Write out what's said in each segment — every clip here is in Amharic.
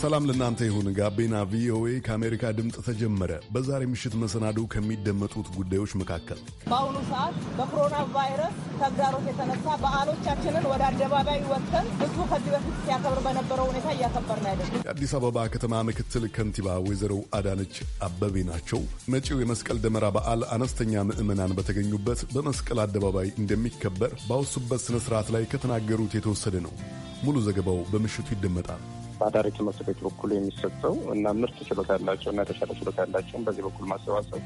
ሰላም ለእናንተ ይሁን። ጋቢና ቪኦኤ ከአሜሪካ ድምፅ ተጀመረ። በዛሬ ምሽት መሰናዶ ከሚደመጡት ጉዳዮች መካከል በአሁኑ ሰዓት በኮሮና ቫይረስ ተግዳሮት የተነሳ በዓሎቻችንን ወደ አደባባይ ወጥተን ሕዝቡ ከዚህ በፊት ሲያከብር በነበረው ሁኔታ እያከበርን አይደለም። የአዲስ አበባ ከተማ ምክትል ከንቲባ ወይዘሮ አዳነች አበቤ ናቸው። መጪው የመስቀል ደመራ በዓል አነስተኛ ምዕመናን በተገኙበት በመስቀል አደባባይ እንደሚከበር ባወሱበት ስነ ስርዓት ላይ ከተናገሩት የተወሰደ ነው። ሙሉ ዘገባው በምሽቱ ይደመጣል። በአዳሪ ትምህርት ቤት በኩል የሚሰጠው እና ምርት ችሎታ ያላቸው እና የተሻለ ችሎታ ያላቸውን በዚህ በኩል ማሰባሰብ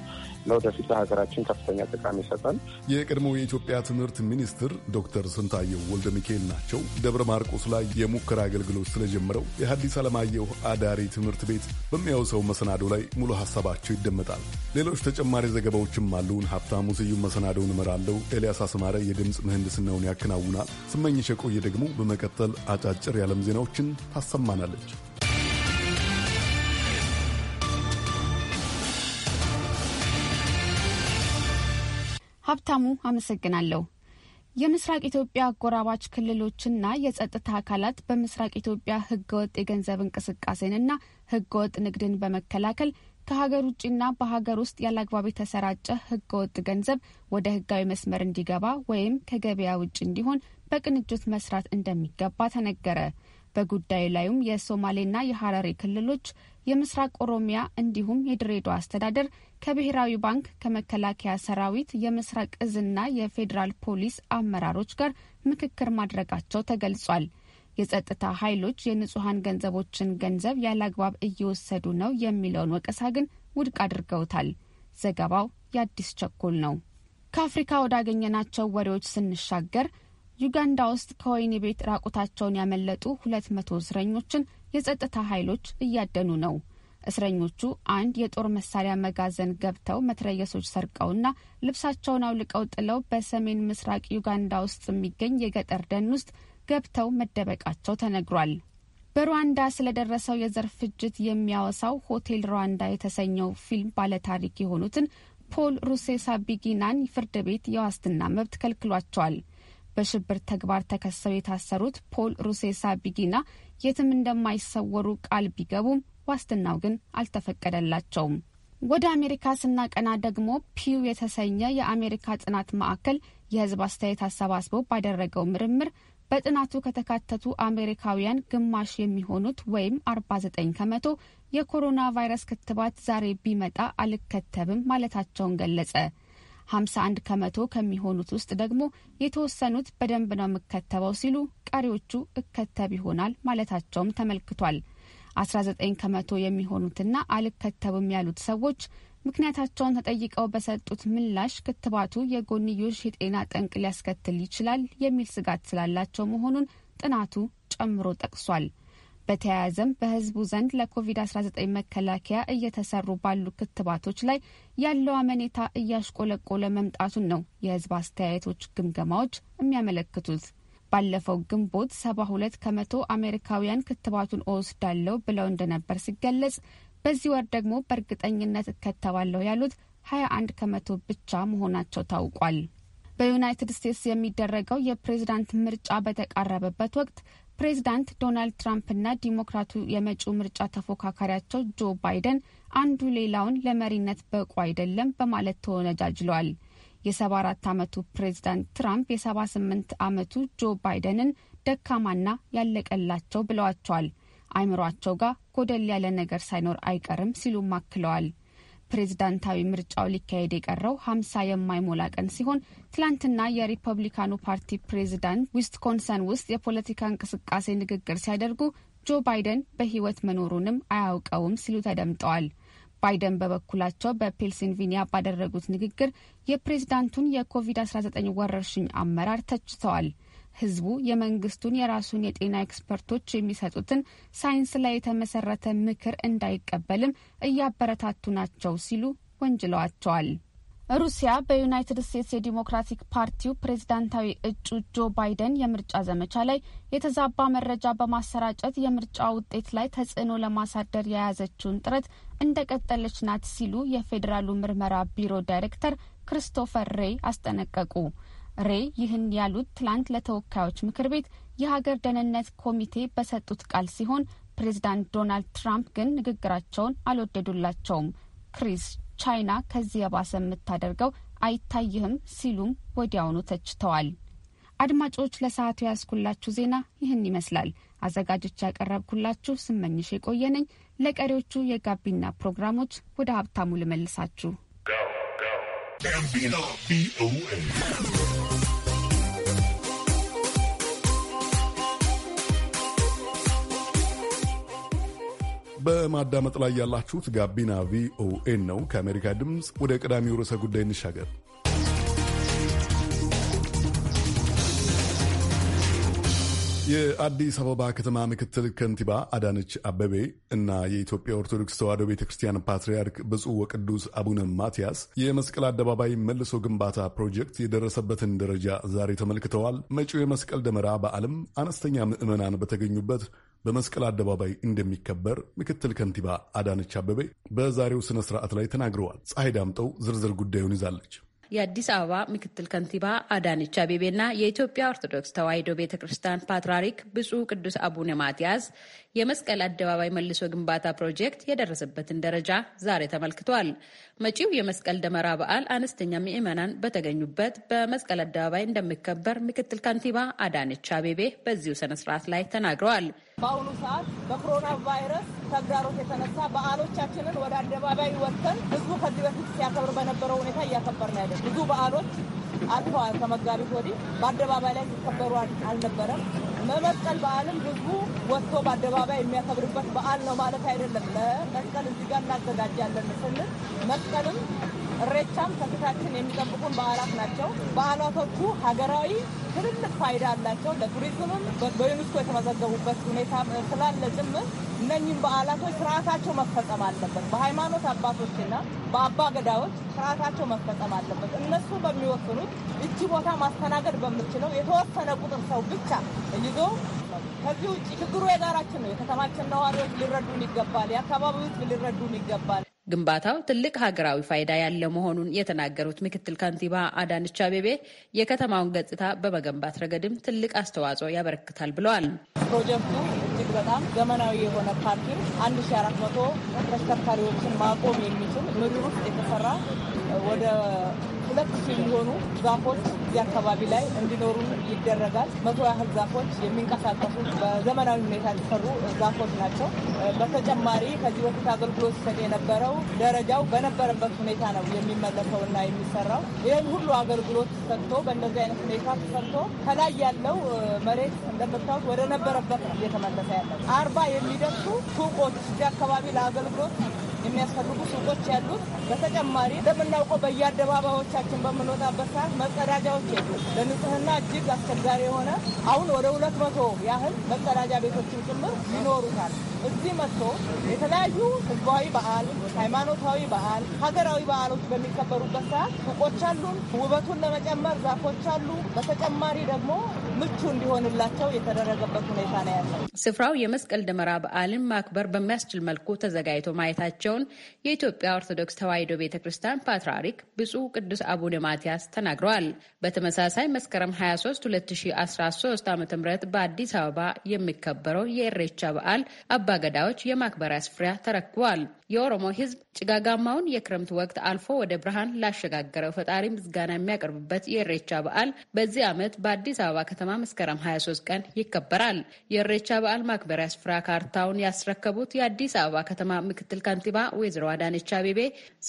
ለወደፊት ለሀገራችን ከፍተኛ ጠቃሚ ይሰጣል። የቀድሞ የኢትዮጵያ ትምህርት ሚኒስትር ዶክተር ስንታየው ወልደ ሚካኤል ናቸው። ደብረ ማርቆስ ላይ የሙከራ አገልግሎት ስለጀመረው የሐዲስ ዓለማየሁ አዳሪ ትምህርት ቤት በሚያውሰው መሰናዶ ላይ ሙሉ ሀሳባቸው ይደመጣል። ሌሎች ተጨማሪ ዘገባዎችም አሉን። ሀብታሙ ስዩም መሰናዶውን እመራለሁ። ኤልያስ አስማረ የድምፅ ምህንድስናውን ያከናውናል። ስመኝሽ የቆየ ደግሞ በመቀጠል አጫጭር የዓለም ዜናዎችን ታሰማናል። ታሰማናለች። ሀብታሙ አመሰግናለሁ። የምስራቅ ኢትዮጵያ አጎራባች ክልሎችና የጸጥታ አካላት በምስራቅ ኢትዮጵያ ህገወጥ የገንዘብ እንቅስቃሴንና ህገወጥ ንግድን በመከላከል ከሀገር ውጭና በሀገር ውስጥ ያለአግባብ የተሰራጨ ህገወጥ ገንዘብ ወደ ህጋዊ መስመር እንዲገባ ወይም ከገበያ ውጭ እንዲሆን በቅንጅት መስራት እንደሚገባ ተነገረ። በጉዳዩ ላይም የሶማሌና የሀረሪ ክልሎች የምስራቅ ኦሮሚያ እንዲሁም የድሬዳዋ አስተዳደር ከብሔራዊ ባንክ ከመከላከያ ሰራዊት የምስራቅ እዝና የፌዴራል ፖሊስ አመራሮች ጋር ምክክር ማድረጋቸው ተገልጿል። የጸጥታ ኃይሎች የንጹሐን ገንዘቦችን ገንዘብ ያለአግባብ እየወሰዱ ነው የሚለውን ወቀሳ ግን ውድቅ አድርገውታል። ዘገባው የአዲስ ቸኮል ነው። ከአፍሪካ ወዳገኘናቸው ወሬዎች ስንሻገር ዩጋንዳ ውስጥ ከወይኒ ቤት ራቁታቸውን ያመለጡ ሁለት መቶ እስረኞችን የጸጥታ ኃይሎች እያደኑ ነው። እስረኞቹ አንድ የጦር መሳሪያ መጋዘን ገብተው መትረየሶች ሰርቀውና ልብሳቸውን አውልቀው ጥለው በሰሜን ምስራቅ ዩጋንዳ ውስጥ የሚገኝ የገጠር ደን ውስጥ ገብተው መደበቃቸው ተነግሯል። በሩዋንዳ ስለደረሰው የዘር ፍጅት የሚያወሳው ሆቴል ሩዋንዳ የተሰኘው ፊልም ባለታሪክ የሆኑትን ፖል ሩሴሳቢጊናን ፍርድ ቤት የዋስትና መብት ከልክሏቸዋል። በሽብር ተግባር ተከሰው የታሰሩት ፖል ሩሴሳ ቢጊና የትም እንደማይሰወሩ ቃል ቢገቡም ዋስትናው ግን አልተፈቀደላቸውም። ወደ አሜሪካ ስናቀና ደግሞ ፒው የተሰኘ የአሜሪካ ጥናት ማዕከል የህዝብ አስተያየት አሰባስቦ ባደረገው ምርምር በጥናቱ ከተካተቱ አሜሪካውያን ግማሽ የሚሆኑት ወይም 49 ከመቶ የኮሮና ቫይረስ ክትባት ዛሬ ቢመጣ አልከተብም ማለታቸውን ገለጸ። 51 ከመቶ ከሚሆኑት ውስጥ ደግሞ የተወሰኑት በደንብ ነው የምከተበው ሲሉ ቀሪዎቹ እከተብ ይሆናል ማለታቸውም ተመልክቷል። 19 ከመቶ የሚሆኑትና አልከተብም ያሉት ሰዎች ምክንያታቸውን ተጠይቀው በሰጡት ምላሽ ክትባቱ የጎንዮሽ የጤና ጠንቅ ሊያስከትል ይችላል የሚል ስጋት ስላላቸው መሆኑን ጥናቱ ጨምሮ ጠቅሷል። በተያያዘም በሕዝቡ ዘንድ ለኮቪድ-19 መከላከያ እየተሰሩ ባሉ ክትባቶች ላይ ያለው አመኔታ እያሽቆለቆለ መምጣቱን ነው የሕዝብ አስተያየቶች ግምገማዎች የሚያመለክቱት። ባለፈው ግንቦት 72 ከመቶ አሜሪካውያን ክትባቱን እወስዳለሁ ብለው እንደነበር ሲገለጽ በዚህ ወር ደግሞ በእርግጠኝነት እከተባለሁ ያሉት 21 ከመቶ ብቻ መሆናቸው ታውቋል። በዩናይትድ ስቴትስ የሚደረገው የፕሬዝዳንት ምርጫ በተቃረበበት ወቅት ፕሬዚዳንት ዶናልድ ትራምፕና ዲሞክራቱ የመጪው ምርጫ ተፎካካሪያቸው ጆ ባይደን አንዱ ሌላውን ለመሪነት በቁ አይደለም በማለት ተወነጃጅለዋል። የሰባ አራት ዓመቱ ፕሬዚዳንት ትራምፕ የሰባ ስምንት ዓመቱ ጆ ባይደንን ደካማና ያለቀላቸው ብለዋቸዋል። አይምሯቸው ጋር ጎደል ያለ ነገር ሳይኖር አይቀርም ሲሉም አክለዋል። ፕሬዝዳንታዊ ምርጫው ሊካሄድ የቀረው ሀምሳ የማይሞላ ቀን ሲሆን ትላንትና የሪፐብሊካኑ ፓርቲ ፕሬዝዳንት ዊስኮንሰን ውስጥ የፖለቲካ እንቅስቃሴ ንግግር ሲያደርጉ ጆ ባይደን በሕይወት መኖሩንም አያውቀውም ሲሉ ተደምጠዋል። ባይደን በበኩላቸው በፔንሲልቬኒያ ባደረጉት ንግግር የፕሬዝዳንቱን የኮቪድ-19 ወረርሽኝ አመራር ተችተዋል። ህዝቡ የመንግስቱን የራሱን የጤና ኤክስፐርቶች የሚሰጡትን ሳይንስ ላይ የተመሰረተ ምክር እንዳይቀበልም እያበረታቱ ናቸው ሲሉ ወንጅለዋቸዋል። ሩሲያ በዩናይትድ ስቴትስ የዲሞክራቲክ ፓርቲው ፕሬዝዳንታዊ እጩ ጆ ባይደን የምርጫ ዘመቻ ላይ የተዛባ መረጃ በማሰራጨት የምርጫ ውጤት ላይ ተጽዕኖ ለማሳደር የያዘችውን ጥረት እንደቀጠለች ናት ሲሉ የፌዴራሉ ምርመራ ቢሮ ዳይሬክተር ክሪስቶፈር ሬይ አስጠነቀቁ። ሬ ይህን ያሉት ትላንት ለተወካዮች ምክር ቤት የሀገር ደህንነት ኮሚቴ በሰጡት ቃል ሲሆን ፕሬዚዳንት ዶናልድ ትራምፕ ግን ንግግራቸውን አልወደዱላቸውም። ክሪስ ቻይና ከዚህ የባሰ የምታደርገው አይታይህም ሲሉም ወዲያውኑ ተችተዋል። አድማጮች ለሰዓቱ ያስኩላችሁ ዜና ይህን ይመስላል። አዘጋጆች ያቀረብኩላችሁ ስመኝሽ የቆየነኝ። ለቀሪዎቹ የጋቢና ፕሮግራሞች ወደ ሀብታሙ ልመልሳችሁ። ጋቢና ቪኦኤ በማዳመጥ ላይ ያላችሁት ጋቢና ቪኦኤን ነው። ከአሜሪካ ድምፅ ወደ ቀዳሚው ርዕሰ ጉዳይ እንሻገር። የአዲስ አበባ ከተማ ምክትል ከንቲባ አዳነች አበቤ እና የኢትዮጵያ ኦርቶዶክስ ተዋሕዶ ቤተ ክርስቲያን ፓትርያርክ ብፁዕ ወቅዱስ አቡነ ማትያስ የመስቀል አደባባይ መልሶ ግንባታ ፕሮጀክት የደረሰበትን ደረጃ ዛሬ ተመልክተዋል። መጪው የመስቀል ደመራ በዓለም አነስተኛ ምዕመናን በተገኙበት በመስቀል አደባባይ እንደሚከበር ምክትል ከንቲባ አዳነች አበቤ በዛሬው ስነ ስርዓት ላይ ተናግረዋል። ፀሐይ ዳምጠው ዝርዝር ጉዳዩን ይዛለች። የአዲስ አበባ ምክትል ከንቲባ አዳነች አቤቤና የኢትዮጵያ ኦርቶዶክስ ተዋሕዶ ቤተ ክርስቲያን ፓትርያርክ ብፁዕ ቅዱስ አቡነ ማትያስ የመስቀል አደባባይ መልሶ ግንባታ ፕሮጀክት የደረሰበትን ደረጃ ዛሬ ተመልክቷል። መጪው የመስቀል ደመራ በዓል አነስተኛ ምዕመናን በተገኙበት በመስቀል አደባባይ እንደሚከበር ምክትል ከንቲባ አዳነች አቤቤ በዚሁ ስነስርዓት ላይ ተናግረዋል። በአሁኑ ሰዓት በኮሮና ቫይረስ ተግዳሮት የተነሳ በዓሎቻችንን ወደ አደባባይ ወጥተን ህዝቡ ከዚህ በፊት ሲያከብር በነበረው ሁኔታ እያከበርን አይደለም። ብዙ በዓሎች አልፈዋል። ከመጋቢት ወዲህ በአደባባይ ላይ ሲከበሩ አልነበረም። መመስቀል በዓልም ህዝቡ ወጥቶ በአደባባይ የሚያከብርበት በዓል ነው ማለት አይደለም። ለመስቀል እዚህ ጋር እናዘጋጃለን ስንል መስቀልም እሬቻም ከፊታችን የሚጠብቁን በዓላት ናቸው። በዓላቶቹ ሀገራዊ ትልልቅ ፋይዳ አላቸው። ለቱሪዝምም በዩኒስኮ የተመዘገቡበት ሁኔታ ስላለ ጭምር እነኝም በዓላቶች ስርዓታቸው መፈጸም አለበት። በሃይማኖት አባቶችና በአባ ገዳዎች ስርዓታቸው መፈጸም አለበት። እነሱ በሚወስኑት እቺ ቦታ ማስተናገድ በምችለው የተወሰነ ቁጥር ሰው ብቻ ይዞ ከዚህ ውጭ ችግሩ የጋራችን ነው። የከተማችን ነዋሪዎች ሊረዱን ይገባል። የአካባቢዎች ሊረዱን ይገባል። ግንባታው ትልቅ ሀገራዊ ፋይዳ ያለ መሆኑን የተናገሩት ምክትል ከንቲባ አዳነች አቤቤ የከተማውን ገጽታ በመገንባት ረገድም ትልቅ አስተዋጽኦ ያበረክታል ብለዋል። ፕሮጀክቱ እጅግ በጣም ዘመናዊ የሆነ ፓርኪንግ አንድ ሺ አራት መቶ ተሽከርካሪዎችን ማቆም የሚችል ምድር ውስጥ የተሰራ ወደ ሁለት ሺህ የሚሆኑ ዛፎች እዚህ አካባቢ ላይ እንዲኖሩ ይደረጋል። መቶ ያህል ዛፎች የሚንቀሳቀሱ በዘመናዊ ሁኔታ የተሰሩ ዛፎች ናቸው። በተጨማሪ ከዚህ በፊት አገልግሎት ሲሰጥ የነበረው ደረጃው በነበረበት ሁኔታ ነው የሚመለሰው እና የሚሰራው። ይህን ሁሉ አገልግሎት ሰጥቶ በእንደዚህ አይነት ሁኔታ ተሰርቶ ከላይ ያለው መሬት እንደምታዩት ወደ ነበረበት እየተመለሰ ያለው አርባ የሚደርሱ ሱቆች እዚህ አካባቢ ለአገልግሎት የሚያስፈልጉ ሱቆች ያሉት። በተጨማሪ እንደምናውቀው በየአደባባዮቻችን በምንወጣበት ሰዓት መጸዳጃዎች የሉ። ለንጽህና እጅግ አስቸጋሪ የሆነ አሁን ወደ ሁለት መቶ ያህል መጸዳጃ ቤቶችን ጭምር ይኖሩታል። እዚህ መጥቶ የተለያዩ ህዝባዊ በዓል፣ ሃይማኖታዊ በዓል፣ ሀገራዊ በዓሎች በሚከበሩበት ሰዓት ሱቆች አሉን። ውበቱን ለመጨመር ዛፎች አሉ። በተጨማሪ ደግሞ ምቹ እንዲሆንላቸው የተደረገበት ሁኔታ ነው ያለው። ስፍራው የመስቀል ደመራ በዓልን ማክበር በሚያስችል መልኩ ተዘጋጅቶ ማየታቸውን የኢትዮጵያ ኦርቶዶክስ ተዋሕዶ ቤተ ክርስቲያን ፓትርያርክ ብፁዕ ቅዱስ አቡነ ማትያስ ተናግረዋል። በተመሳሳይ መስከረም 23 2013 ዓ ም በአዲስ አበባ የሚከበረው የእሬቻ በዓል አባገዳዎች የማክበሪያ ስፍራ ተረክቧል። የኦሮሞ ሕዝብ ጭጋጋማውን የክረምት ወቅት አልፎ ወደ ብርሃን ላሸጋገረው ፈጣሪ ምስጋና የሚያቀርብበት የእሬቻ በዓል በዚህ ዓመት በአዲስ አበባ ከተማ መስከረም 23 ቀን ይከበራል። የእሬቻ በዓል ማክበሪያ ስፍራ ካርታውን ያስረከቡት የአዲስ አበባ ከተማ ምክትል ከንቲባ ወይዘሮ አዳነች አቤቤ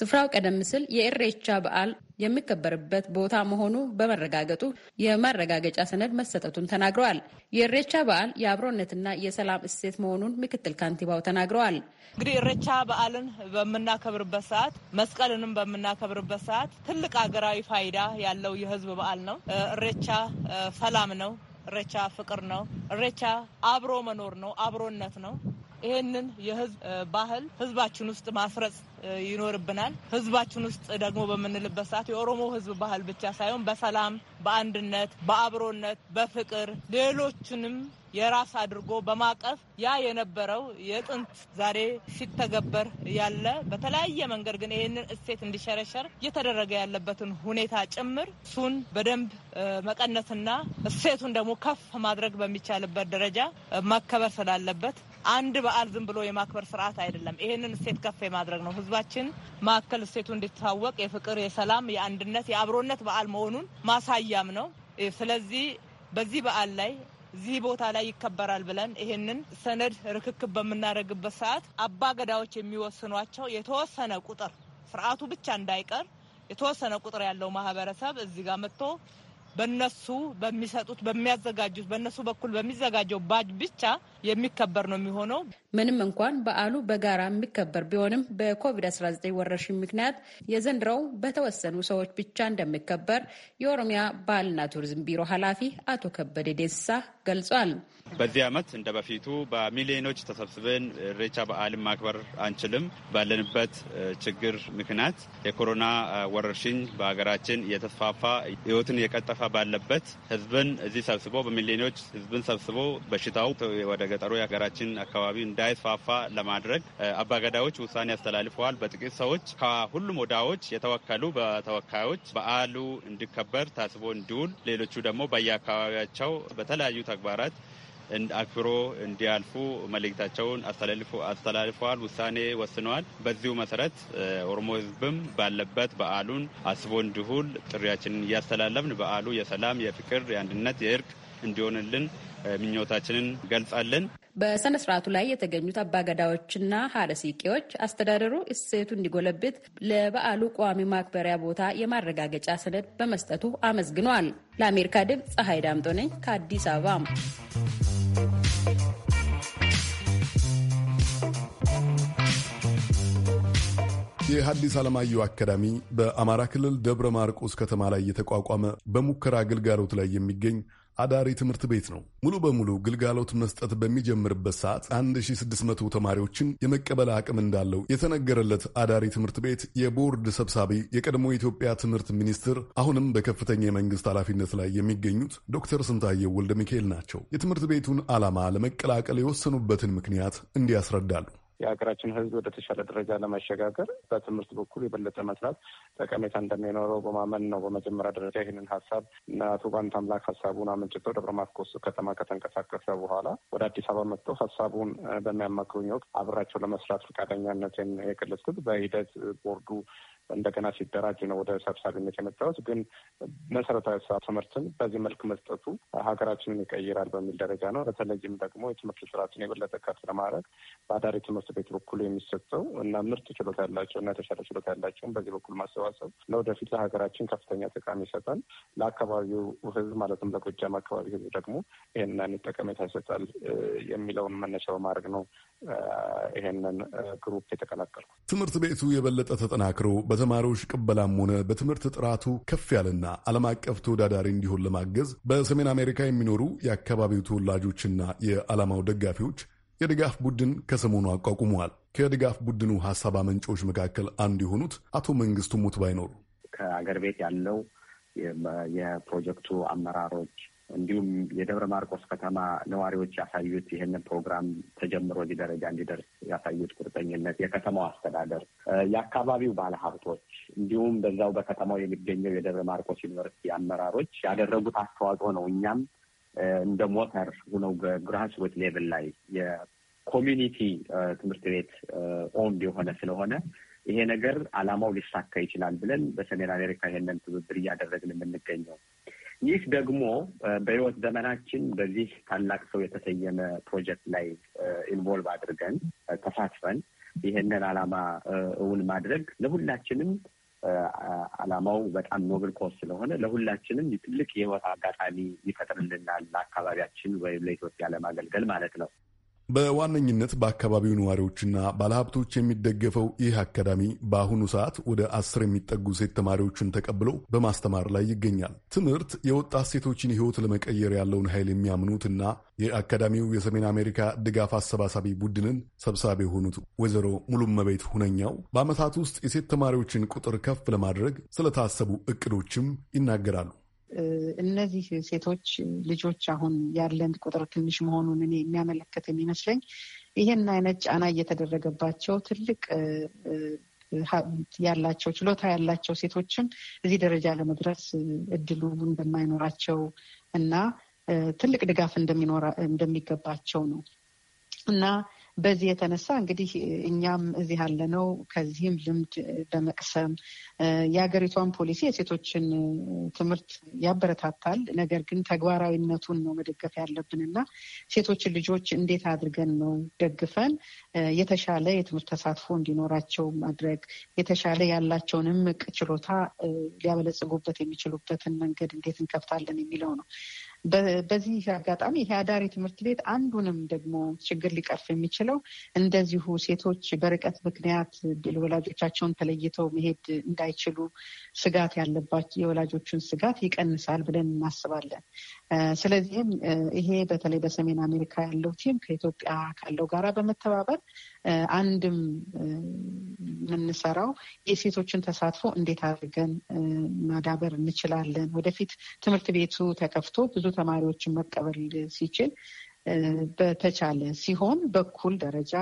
ስፍራው ቀደም ሲል የእሬቻ በዓል የሚከበርበት ቦታ መሆኑ በመረጋገጡ የማረጋገጫ ሰነድ መሰጠቱን ተናግረዋል። የእሬቻ በዓል የአብሮነትና የሰላም እሴት መሆኑን ምክትል ካንቲባው ተናግረዋል። እንግዲህ እሬቻ በዓልን በምናከብርበት ሰዓት፣ መስቀልንም በምናከብርበት ሰዓት ትልቅ ሀገራዊ ፋይዳ ያለው የህዝብ በዓል ነው። እሬቻ ሰላም ነው። እሬቻ ፍቅር ነው። እሬቻ አብሮ መኖር ነው፣ አብሮነት ነው። ይህንን የህዝብ ባህል ህዝባችን ውስጥ ማስረጽ ይኖርብናል። ህዝባችን ውስጥ ደግሞ በምንልበት ሰዓት የኦሮሞ ህዝብ ባህል ብቻ ሳይሆን በሰላም፣ በአንድነት፣ በአብሮነት፣ በፍቅር ሌሎችንም የራስ አድርጎ በማቀፍ ያ የነበረው የጥንት ዛሬ ሲተገበር ያለ በተለያየ መንገድ ግን ይህንን እሴት እንዲሸረሸር እየተደረገ ያለበትን ሁኔታ ጭምር እሱን በደንብ መቀነስና እሴቱን ደግሞ ከፍ ማድረግ በሚቻልበት ደረጃ መከበር ስላለበት አንድ በዓል ዝም ብሎ የማክበር ስርዓት አይደለም። ይህንን እሴት ከፍ የማድረግ ነው። ህዝባችን መካከል እሴቱ እንዲታወቅ የፍቅር፣ የሰላም፣ የአንድነት፣ የአብሮነት በዓል መሆኑን ማሳያም ነው። ስለዚህ በዚህ በዓል ላይ እዚህ ቦታ ላይ ይከበራል ብለን ይህንን ሰነድ ርክክብ በምናደርግበት ሰዓት አባ ገዳዎች የሚወስኗቸው የተወሰነ ቁጥር ስርዓቱ ብቻ እንዳይቀር የተወሰነ ቁጥር ያለው ማህበረሰብ እዚህ ጋር መጥቶ በነሱ በሚሰጡት በሚያዘጋጁት በነሱ በኩል በሚዘጋጀው ባጅ ብቻ የሚከበር ነው የሚሆነው። ምንም እንኳን በዓሉ በጋራ የሚከበር ቢሆንም በኮቪድ-19 ወረርሽኝ ምክንያት የዘንድሮው በተወሰኑ ሰዎች ብቻ እንደሚከበር የኦሮሚያ ባህልና ቱሪዝም ቢሮ ኃላፊ አቶ ከበደ ደሳ ገልጿል። በዚህ ዓመት እንደ በፊቱ በሚሊዮኖች ተሰብስበን ሬቻ በዓልን ማክበር አንችልም። ባለንበት ችግር ምክንያት የኮሮና ወረርሽኝ በሀገራችን እየተስፋፋ ህይወትን እየቀጠፈ ባለበት ህዝብን እዚህ ሰብስቦ በሚሊዮኖች ህዝብን ሰብስቦ በሽታው ወደ ገጠሩ የሀገራችን አካባቢ እንዳይስፋፋ ለማድረግ አባገዳዎች ውሳኔ አስተላልፈዋል። በጥቂት ሰዎች ከሁሉም ወዳዎች የተወከሉ በተወካዮች በዓሉ እንዲከበር ታስቦ እንዲውል፣ ሌሎቹ ደግሞ በየአካባቢያቸው በተለያዩ ተግባራት አክብሮ እንዲያልፉ መልእክታቸውን አስተላልፈዋል፣ ውሳኔ ወስነዋል። በዚሁ መሰረት ኦሮሞ ሕዝብም ባለበት በዓሉን አስቦ እንዲሁል ጥሪያችንን እያስተላለፍን በዓሉ የሰላም፣ የፍቅር፣ የአንድነት፣ የእርቅ እንዲሆንልን ምኞታችንን ገልጻለን። በስነ ስርዓቱ ላይ የተገኙት አባገዳዎችና ሀረሲቄዎች አስተዳደሩ እሴቱ እንዲጎለብት ለበዓሉ ቋሚ ማክበሪያ ቦታ የማረጋገጫ ሰነድ በመስጠቱ አመስግነዋል። ለአሜሪካ ድምፅ ፀሐይ ዳምጦ ነኝ ከአዲስ አበባ። የሐዲስ ዓለማየሁ አካዳሚ በአማራ ክልል ደብረ ማርቆስ ከተማ ላይ የተቋቋመ በሙከራ አገልጋሎት ላይ የሚገኝ አዳሪ ትምህርት ቤት ነው። ሙሉ በሙሉ ግልጋሎት መስጠት በሚጀምርበት ሰዓት 1600 ተማሪዎችን የመቀበል አቅም እንዳለው የተነገረለት አዳሪ ትምህርት ቤት የቦርድ ሰብሳቢ የቀድሞ የኢትዮጵያ ትምህርት ሚኒስትር አሁንም በከፍተኛ የመንግስት ኃላፊነት ላይ የሚገኙት ዶክተር ስንታየው ወልደ ሚካኤል ናቸው። የትምህርት ቤቱን ዓላማ ለመቀላቀል የወሰኑበትን ምክንያት እንዲያስረዳሉ። የሀገራችን ህዝብ ወደ ተሻለ ደረጃ ለማሸጋገር በትምህርት በኩል የበለጠ መስራት ጠቀሜታ እንደሚኖረው በማመን ነው። በመጀመሪያ ደረጃ ይህንን ሀሳብ እና አቶ ባንት አምላክ ሀሳቡን አመንጭተው ደብረ ማርቆስ ከተማ ከተንቀሳቀሰ በኋላ ወደ አዲስ አበባ መጥተው ሀሳቡን በሚያማክሩኝ ወቅት አብራቸው ለመስራት ፈቃደኛነትን የገለጽኩት በሂደት ቦርዱ እንደገና ሲደራጅ ነው ወደ ሰብሳቢነት የመጣሁት። ግን መሰረታዊ ትምህርትን በዚህ መልክ መስጠቱ ሀገራችንን ይቀይራል በሚል ደረጃ ነው። በተለይም ደግሞ የትምህርት ጥራትን የበለጠ ከፍ ለማድረግ በአዳሪ ትምህርት ቤት በኩል የሚሰጠው እና ምርጥ ችሎታ ያላቸው እና የተሻለ ችሎታ ያላቸውን በዚህ በኩል ማሰባሰብ ለወደፊት ለሀገራችን ከፍተኛ ጠቃሚ ይሰጣል። ለአካባቢው ህዝብ ማለትም ለጎጃም አካባቢ ህዝብ ደግሞ ይህንን ጠቀሜታ ይሰጣል የሚለውን መነሻ በማድረግ ነው ይህንን ግሩፕ የተቀላቀልኩ። ትምህርት ቤቱ የበለጠ ተጠናክሮ በተማሪዎች ቅበላም ሆነ በትምህርት ጥራቱ ከፍ ያለና ዓለም አቀፍ ተወዳዳሪ እንዲሆን ለማገዝ በሰሜን አሜሪካ የሚኖሩ የአካባቢው ተወላጆችና የዓላማው ደጋፊዎች የድጋፍ ቡድን ከሰሞኑ አቋቁመዋል። ከድጋፍ ቡድኑ ሀሳብ አመንጮች መካከል አንዱ የሆኑት አቶ መንግስቱ ሙት ባይኖሩ ከአገር ቤት ያለው የፕሮጀክቱ አመራሮች እንዲሁም የደብረ ማርቆስ ከተማ ነዋሪዎች ያሳዩት ይህንን ፕሮግራም ተጀምሮ እዚህ ደረጃ እንዲደርስ ያሳዩት ቁርጠኝነት፣ የከተማው አስተዳደር፣ የአካባቢው ባለሀብቶች እንዲሁም በዛው በከተማው የሚገኘው የደብረ ማርቆስ ዩኒቨርሲቲ አመራሮች ያደረጉት አስተዋጽኦ ነው። እኛም እንደ ሞተር ሁነው በግራስ ሌቭል ላይ የኮሚዩኒቲ ትምህርት ቤት ኦንድ የሆነ ስለሆነ ይሄ ነገር አላማው ሊሳካ ይችላል ብለን በሰሜን አሜሪካ ይሄንን ትብብር እያደረግን የምንገኘው ይህ ደግሞ በህይወት ዘመናችን በዚህ ታላቅ ሰው የተሰየመ ፕሮጀክት ላይ ኢንቮልቭ አድርገን ተሳትፈን ይህንን አላማ እውን ማድረግ ለሁላችንም አላማው በጣም ኖብል ኮስ ስለሆነ ለሁላችንም ትልቅ የህይወት አጋጣሚ ይፈጥርልናል። ለአካባቢያችን ወይም ለኢትዮጵያ ለማገልገል ማለት ነው። በዋነኝነት በአካባቢው ነዋሪዎችና ባለሀብቶች የሚደገፈው ይህ አካዳሚ በአሁኑ ሰዓት ወደ አስር የሚጠጉ ሴት ተማሪዎችን ተቀብሎ በማስተማር ላይ ይገኛል። ትምህርት የወጣት ሴቶችን ሕይወት ለመቀየር ያለውን ኃይል የሚያምኑትና የአካዳሚው የሰሜን አሜሪካ ድጋፍ አሰባሳቢ ቡድንን ሰብሳቢ የሆኑት ወይዘሮ ሙሉመቤት ሁነኛው በዓመታት ውስጥ የሴት ተማሪዎችን ቁጥር ከፍ ለማድረግ ስለታሰቡ እቅዶችም ይናገራሉ። እነዚህ ሴቶች ልጆች አሁን ያለን ቁጥር ትንሽ መሆኑን እኔ የሚያመለክት የሚመስለኝ ይህን አይነት ጫና እየተደረገባቸው ትልቅ ያላቸው ችሎታ ያላቸው ሴቶችም እዚህ ደረጃ ለመድረስ እድሉ እንደማይኖራቸው እና ትልቅ ድጋፍ እንደሚገባቸው ነው እና በዚህ የተነሳ እንግዲህ እኛም እዚህ ያለነው ከዚህም ልምድ በመቅሰም የሀገሪቷን ፖሊሲ የሴቶችን ትምህርት ያበረታታል። ነገር ግን ተግባራዊነቱን ነው መደገፍ ያለብን እና ሴቶችን ልጆች እንዴት አድርገን ነው ደግፈን የተሻለ የትምህርት ተሳትፎ እንዲኖራቸው ማድረግ የተሻለ ያላቸውን እምቅ ችሎታ ሊያበለጽጉበት የሚችሉበትን መንገድ እንዴት እንከፍታለን የሚለው ነው። በዚህ አጋጣሚ ይሄ አዳሪ ትምህርት ቤት አንዱንም ደግሞ ችግር ሊቀርፍ የሚችለው እንደዚሁ ሴቶች በርቀት ምክንያት ወላጆቻቸውን ተለይተው መሄድ እንዳይችሉ ስጋት ያለባቸው የወላጆቹን ስጋት ይቀንሳል ብለን እናስባለን። ስለዚህም ይሄ በተለይ በሰሜን አሜሪካ ያለው ቲም ከኢትዮጵያ ካለው ጋራ በመተባበር አንድም የምንሰራው የሴቶችን ተሳትፎ እንዴት አድርገን ማዳበር እንችላለን፣ ወደፊት ትምህርት ቤቱ ተከፍቶ ብዙ ተማሪዎችን መቀበል ሲችል በተቻለ ሲሆን በኩል ደረጃ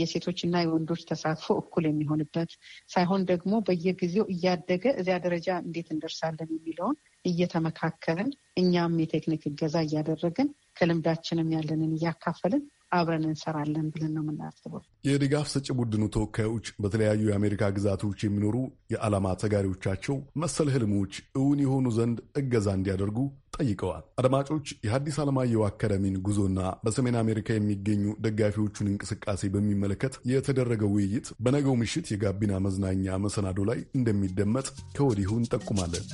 የሴቶችና የወንዶች ተሳትፎ እኩል የሚሆንበት ሳይሆን ደግሞ በየጊዜው እያደገ እዚያ ደረጃ እንዴት እንደርሳለን የሚለውን እየተመካከልን እኛም የቴክኒክ እገዛ እያደረግን ከልምዳችንም ያለንን እያካፈልን አብረን እንሰራለን ብለን ነው የምናስበው። የድጋፍ ሰጪ ቡድኑ ተወካዮች በተለያዩ የአሜሪካ ግዛቶች የሚኖሩ የዓላማ ተጋሪዎቻቸው መሰል ህልሞች እውን የሆኑ ዘንድ እገዛ እንዲያደርጉ ጠይቀዋል። አድማጮች የሐዲስ ዓለማየሁ አካዳሚን ጉዞና በሰሜን አሜሪካ የሚገኙ ደጋፊዎቹን እንቅስቃሴ በሚመለከት የተደረገው ውይይት በነገው ምሽት የጋቢና መዝናኛ መሰናዶ ላይ እንደሚደመጥ ከወዲሁ እንጠቁማለን።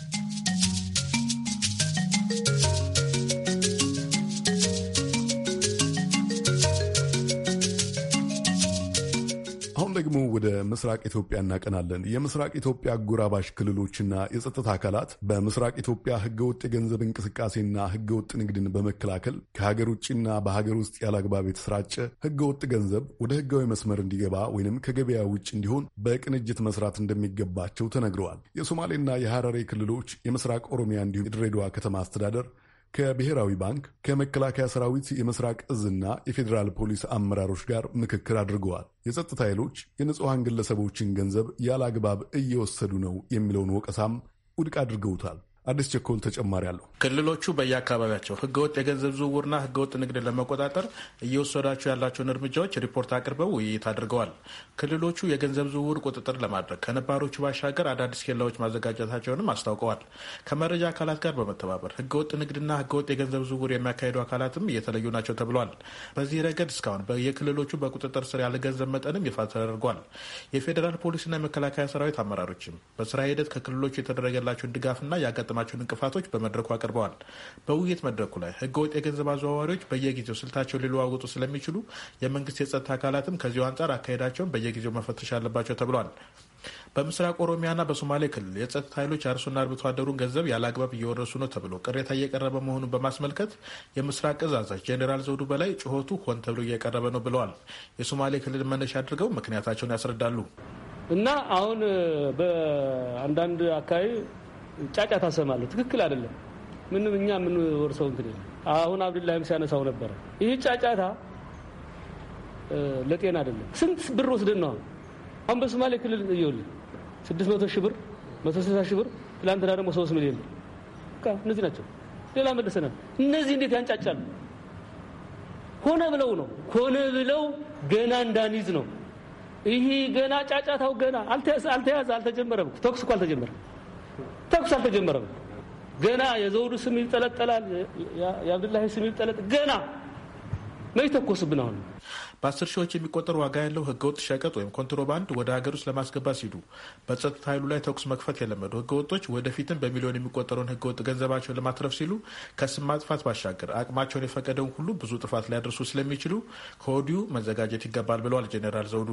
ደግሞ ወደ ምስራቅ ኢትዮጵያ እናቀናለን። የምስራቅ ኢትዮጵያ አጎራባሽ ክልሎችና የጸጥታ አካላት በምስራቅ ኢትዮጵያ ህገወጥ የገንዘብ እንቅስቃሴና ህገወጥ ንግድን በመከላከል ከሀገር ውጭና በሀገር ውስጥ ያለ አግባብ የተሰራጨ ህገወጥ ገንዘብ ወደ ህጋዊ መስመር እንዲገባ ወይንም ከገበያ ውጭ እንዲሆን በቅንጅት መስራት እንደሚገባቸው ተነግረዋል። የሶማሌና የሐረሬ ክልሎች፣ የምስራቅ ኦሮሚያ እንዲሁም የድሬዳዋ ከተማ አስተዳደር ከብሔራዊ ባንክ፣ ከመከላከያ ሰራዊት የምስራቅ እዝና የፌዴራል ፖሊስ አመራሮች ጋር ምክክር አድርገዋል። የጸጥታ ኃይሎች የንጹሐን ግለሰቦችን ገንዘብ ያለ አግባብ እየወሰዱ ነው የሚለውን ወቀሳም ውድቅ አድርገውታል። አዲስ ቸኮል ተጨማሪ አለው። ክልሎቹ በየአካባቢያቸው ህገወጥ የገንዘብ ዝውውርና ህገወጥ ንግድ ለመቆጣጠር እየወሰዳቸው ያላቸውን እርምጃዎች ሪፖርት አቅርበው ውይይት አድርገዋል። ክልሎቹ የገንዘብ ዝውውር ቁጥጥር ለማድረግ ከነባሮቹ ባሻገር አዳዲስ ኬላዎች ማዘጋጀታቸውንም አስታውቀዋል። ከመረጃ አካላት ጋር በመተባበር ህገወጥ ንግድና ህገወጥ የገንዘብ ዝውውር የሚያካሄዱ አካላትም እየተለዩ ናቸው ተብሏል። በዚህ ረገድ እስካሁን የክልሎቹ በቁጥጥር ስር ያለ ገንዘብ መጠንም ይፋ ተደርጓል። የፌዴራል ፖሊስና የመከላከያ ሰራዊት አመራሮችም በስራ ሂደት ከክልሎቹ የተደረገላቸውን ድጋፍና ያጋ የሚያጋጥማቸውን እንቅፋቶች በመድረኩ አቅርበዋል። በውይይት መድረኩ ላይ ህገወጥ የገንዘብ አዘዋዋሪዎች በየጊዜው ስልታቸውን ሊለዋወጡ ስለሚችሉ የመንግስት የጸጥታ አካላትም ከዚሁ አንጻር አካሄዳቸውን በየጊዜው መፈተሽ አለባቸው ተብሏል። በምስራቅ ኦሮሚያና በሶማሌ ክልል የጸጥታ ኃይሎች አርሶና አርብቶ አደሩን ገንዘብ ያለ አግባብ እየወረሱ ነው ተብሎ ቅሬታ እየቀረበ መሆኑን በማስመልከት የምስራቅ እዝ አዛዥ ጄኔራል ዘውዱ በላይ ጩኸቱ ሆን ተብሎ እየቀረበ ነው ብለዋል። የሶማሌ ክልል መነሻ አድርገው ምክንያታቸውን ያስረዳሉ። እና አሁን በአንዳንድ አካባቢ ጫጫታ ሰማለሁ። ትክክል አይደለም። ምንም እኛ የምንወርሰው እንትን የለም። አሁን አብዱላህም ሲያነሳው ነበረ። ይህ ጫጫታ ለጤና አይደለም። ስንት ብር ወስደን ነው አሁን በሶማሌ ክልል እየውልህ ስድስት መቶ ሺህ ብር መቶ ስልሳ ሺህ ብር ትላንትና ደግሞ ሶስት ሚሊዮን በቃ እነዚህ ናቸው። ሌላ መለሰናል። እነዚህ እንዴት ያንጫጫሉ? ሆነ ብለው ነው ሆነ ብለው ገና እንዳንይዝ ነው። ይህ ገና ጫጫታው ገና አልተያዘ አልተጀመረም። ተኩስ እኮ አልተጀመረም። ተኩስ አልተጀመረም። ገና የዘውዱ ስም ይጠለጠላል፣ የአብዱላሂ ስም ይጠለጥ ገና ነው የተኮስብን። አሁን በአስር ሺዎች የሚቆጠር ዋጋ ያለው ህገወጥ ሸቀጥ ወይም ኮንትሮባንድ ወደ ሀገር ውስጥ ለማስገባት ሲሉ በጸጥታ ኃይሉ ላይ ተኩስ መክፈት የለመዱ ህገወጦች ወደፊትም በሚሊዮን የሚቆጠረውን ህገወጥ ገንዘባቸውን ለማትረፍ ሲሉ ከስም ማጥፋት ባሻገር አቅማቸውን የፈቀደውን ሁሉ ብዙ ጥፋት ሊያደርሱ ስለሚችሉ ከወዲሁ መዘጋጀት ይገባል ብለዋል ጄኔራል ዘውዱ።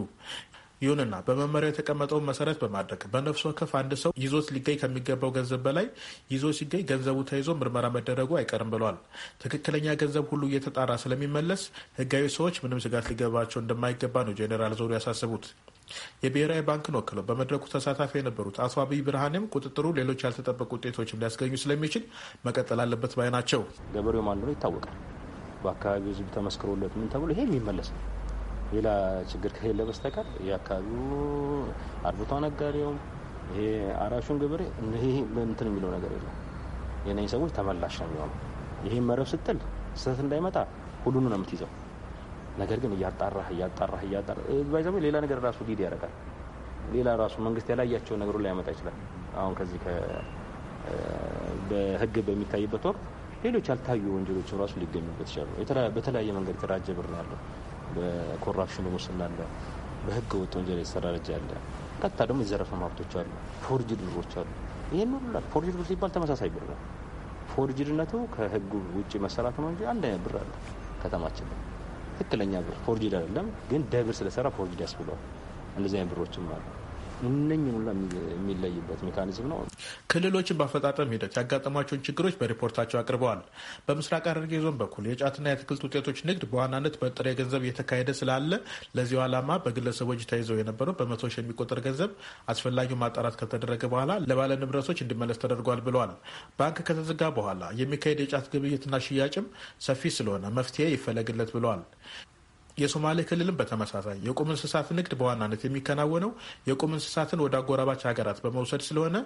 ይሁንና በመመሪያው የተቀመጠውን መሰረት በማድረግ በነፍስ ወከፍ አንድ ሰው ይዞት ሊገኝ ከሚገባው ገንዘብ በላይ ይዞ ሲገኝ ገንዘቡ ተይዞ ምርመራ መደረጉ አይቀርም ብሏል። ትክክለኛ ገንዘብ ሁሉ እየተጣራ ስለሚመለስ ህጋዊ ሰዎች ምንም ስጋት ሊገባቸው እንደማይገባ ነው ጄኔራል ዞሩ ያሳስቡት። የብሔራዊ ባንክን ወክለው በመድረኩ ተሳታፊ የነበሩት አቶ አብይ ብርሃንም ቁጥጥሩ ሌሎች ያልተጠበቁ ውጤቶችም ሊያስገኙ ስለሚችል መቀጠል አለበት ባይ ናቸው። ገበሬው ማን ይታወቃል። በአካባቢው ህዝብ ተመስክሮለት ምን ተብሎ ይሄ የሚመለስ ነው ሌላ ችግር ከሌለ በስተቀር የአካባቢው አርብቶ ነጋዴውም ይሄ አራሹን ግብሬ ይሄ እንትን የሚለው ነገር የለም። የነኝ ሰዎች ተመላሽ ነው የሚሆነው። ይህም መረብ ስትል ስህተት እንዳይመጣ ሁሉኑ ነው የምትይዘው። ነገር ግን እያጣራህ እያጣራህ እያጣራህ ባይዘ ሌላ ነገር ራሱ ሊድ ያደርጋል። ሌላ ራሱ መንግስት ያላያቸው ነገሩ ሊያመጣ ይችላል። አሁን ከዚህ በህግ በሚታይበት ወቅት ሌሎች ያልታዩ ወንጀሎች ራሱ ሊገኙበት ይችላሉ። በተለያየ መንገድ የተራጀ ብር ነው ያለው። በኮራፕሽኑ ሙስና አለ፣ በህገ ወጥ ወንጀል የተሰራረጀ አለ። ቀጥታ ደግሞ የዘረፈ ሀብቶች አሉ፣ ፎርጅድ ብሮች አሉ። ይህን ሁሉ ፎርጅድ ብር ሲባል ተመሳሳይ ብር ነው። ፎርጅድነቱ ከህጉ ውጭ መሰራት ነው እንጂ አንድ አይነት ብር አለ ከተማችን ላይ ትክክለኛ ብር ፎርጅድ አይደለም፣ ግን ደብር ስለሰራ ፎርጅድ ያስብለዋል። እንደዚህ አይነት ብሮችም አሉ። እነኝ ሁላ የሚለይበት ሜካኒዝም ነው። ክልሎችን በአፈጣጠም ሂደት ያጋጠሟቸውን ችግሮች በሪፖርታቸው አቅርበዋል። በምስራቅ ሐረርጌ ዞን በኩል የጫትና የአትክልት ውጤቶች ንግድ በዋናነት በጥሬ ገንዘብ እየተካሄደ ስላለ ለዚሁ ዓላማ በግለሰቦች ተይዘው የነበረው በመቶ ሺህ የሚቆጠር ገንዘብ አስፈላጊው ማጣራት ከተደረገ በኋላ ለባለ ንብረቶች እንዲመለስ ተደርጓል ብለዋል። ባንክ ከተዘጋ በኋላ የሚካሄድ የጫት ግብይትና ሽያጭም ሰፊ ስለሆነ መፍትሄ ይፈለግለት ብለዋል። የሶማሌ ክልልም በተመሳሳይ የቁም እንስሳት ንግድ በዋናነት የሚከናወነው የቁም እንስሳትን ወደ አጎራባች ሀገራት በመውሰድ ስለሆነ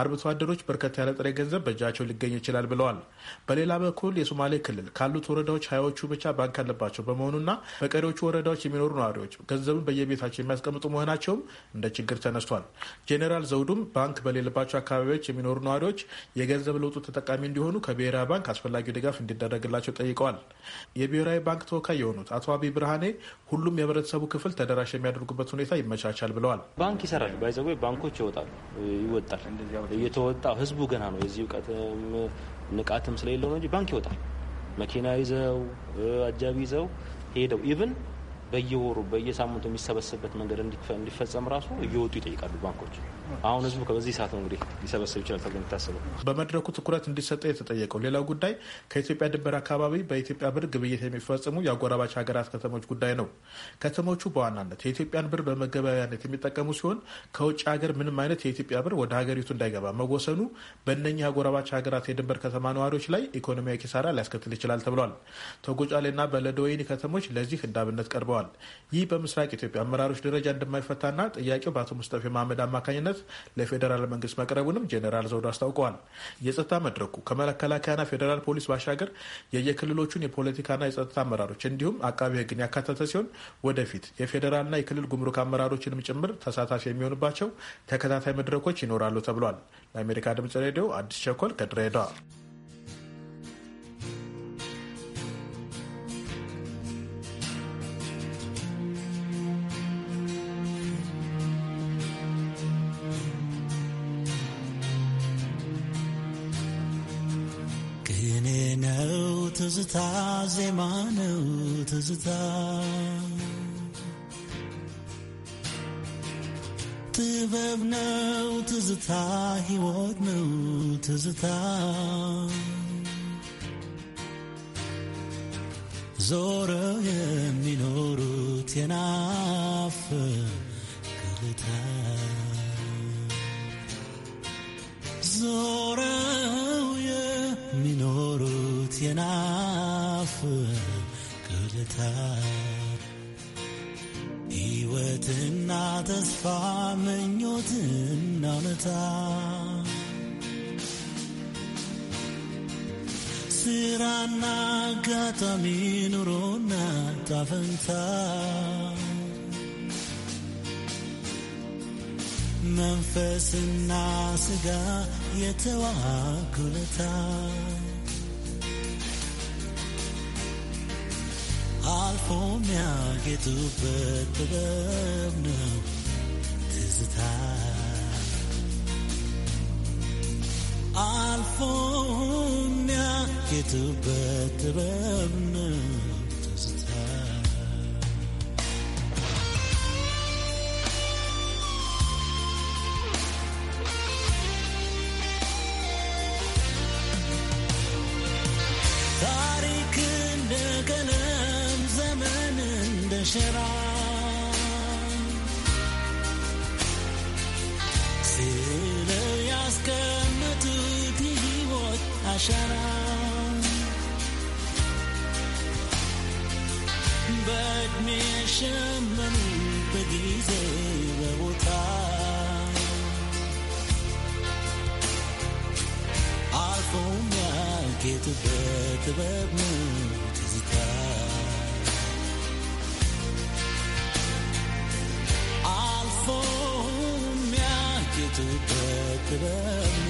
አርብቶ አደሮች በርከት ያለ ጥሬ ገንዘብ በእጃቸው ሊገኝ ይችላል ብለዋል። በሌላ በኩል የሶማሌ ክልል ካሉት ወረዳዎች ሀያዎቹ ብቻ ባንክ ያለባቸው በመሆኑና በቀሪዎቹ ወረዳዎች የሚኖሩ ነዋሪዎች ገንዘብን በየቤታቸው የሚያስቀምጡ መሆናቸውም እንደ ችግር ተነስቷል። ጄኔራል ዘውዱም ባንክ በሌለባቸው አካባቢዎች የሚኖሩ ነዋሪዎች የገንዘብ ለውጡ ተጠቃሚ እንዲሆኑ ከብሔራዊ ባንክ አስፈላጊው ድጋፍ እንዲደረግላቸው ጠይቀዋል። የብሔራዊ ባንክ ተወካይ የሆኑት አቶ አብይ ብርሃን ውሳኔ ሁሉም የህብረተሰቡ ክፍል ተደራሽ የሚያደርጉበት ሁኔታ ይመቻቻል ብለዋል። ባንክ ይሰራል፣ ባይዘጎ ባንኮች ይወጣሉ፣ ይወጣል፣ እየተወጣ ህዝቡ ገና ነው። የዚህ እውቀትም ንቃትም ስለሌለው ነው እንጂ ባንክ ይወጣል። መኪና ይዘው አጃቢ ይዘው ሄደው ኢቭን በየወሩ በየሳምንቱ የሚሰበሰብበት መንገድ እንዲፈጸም ራሱ እየወጡ ይጠይቃሉ ባንኮች አሁን ህዝቡ በዚህ ሰዓት ነው እንግዲህ ሊሰበሰብ ይችላል ተብሎ የሚታሰበው። በመድረኩ ትኩረት እንዲሰጠው የተጠየቀው ሌላው ጉዳይ ከኢትዮጵያ ድንበር አካባቢ በኢትዮጵያ ብር ግብይት የሚፈጽሙ የአጎራባች ሀገራት ከተሞች ጉዳይ ነው። ከተሞቹ በዋናነት የኢትዮጵያን ብር በመገበያያነት የሚጠቀሙ ሲሆን ከውጭ ሀገር ምንም አይነት የኢትዮጵያ ብር ወደ ሀገሪቱ እንዳይገባ መወሰኑ በእነኚህ አጎራባች ሀገራት የድንበር ከተማ ነዋሪዎች ላይ ኢኮኖሚያዊ ኪሳራ ሊያስከትል ይችላል ተብሏል። ቶጎጫሌና በለደወይኒ ከተሞች ለዚህ እንዳብነት ቀርበዋል። ይህ በምስራቅ ኢትዮጵያ አመራሮች ደረጃ እንደማይፈታና ጥያቄው በአቶ ሙስጠፌ መሀመድ አማካኝነት ህዝብ ለፌዴራል መንግስት መቅረቡንም ጄኔራል ዘውዱ አስታውቀዋል። የጸጥታ መድረኩ ከመከላከያና ፌዴራል ፖሊስ ባሻገር የየክልሎቹን የፖለቲካና የጸጥታ አመራሮች እንዲሁም አቃቢ ህግን ያካተተ ሲሆን ወደፊት የፌዴራልና የክልል ጉምሩክ አመራሮችንም ጭምር ተሳታፊ የሚሆንባቸው ተከታታይ መድረኮች ይኖራሉ ተብሏል። ለአሜሪካ ድምጽ ሬዲዮ አዲስ ቸኮል ከድሬዳዋ የትዝታ ዜማ ነው ትዝታ ጥበብ ነው ትዝታ ሕይወት ነው ትዝታ ዞረው የሚኖሩት የናፍ ግልታ ዞረው የሚኖሩት የናፍ አፍህ ክልታ ሕይወትና ተስፋ ምኞትና እውነታ ስራና አጋጣሚ ኑሮና ጣፈንታ መንፈስና ስጋ የተዋጉለታ አልፎ የሚያጌጡበት ጥበብ ነው ትዝታ አልፎ የሚያጌጡበት ጥበብ ነው በጥበብ ትዝታ አልፎ የሚያጌጡ በጥበብ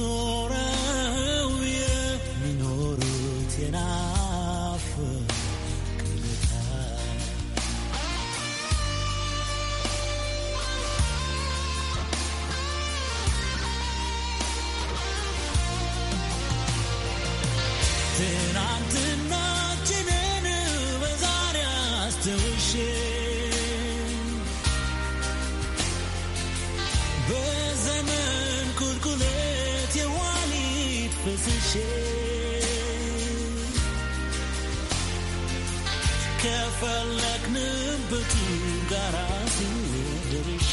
ዞረው የሚኖሩት የናፍ ቅታ ትናንትና ከፈለግንበት ጋራ ደርሼ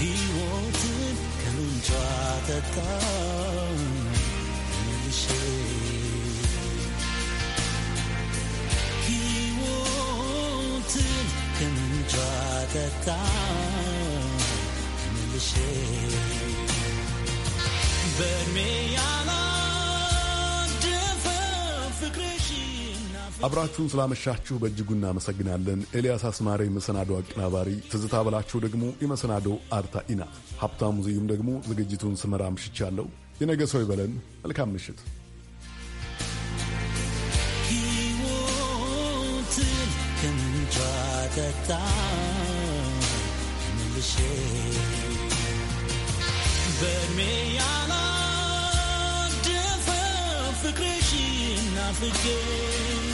ሕይወትን ከምንጯ ጠጣው መልሼ ሕይወትን ከምንጯ ጠጣው መልሼ በእድሜ ያላ አብራችሁን ስላመሻችሁ በእጅጉ እናመሰግናለን። ኤልያስ አስማሬ መሰናዶ አቀናባሪ፣ ትዝታ በላቸው ደግሞ የመሰናዶ ናት። ሀብታሙ ዝዩም ደግሞ ዝግጅቱን ስመራ አምሽቻለሁ። የነገ ሰው ይበለን። መልካም ምሽት። ፍቅርሽና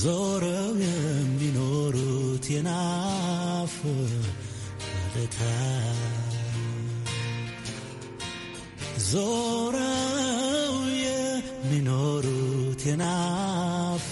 ዞረው የሚኖሩት የናፍ ለታ ዞረው የሚኖሩት የናፍ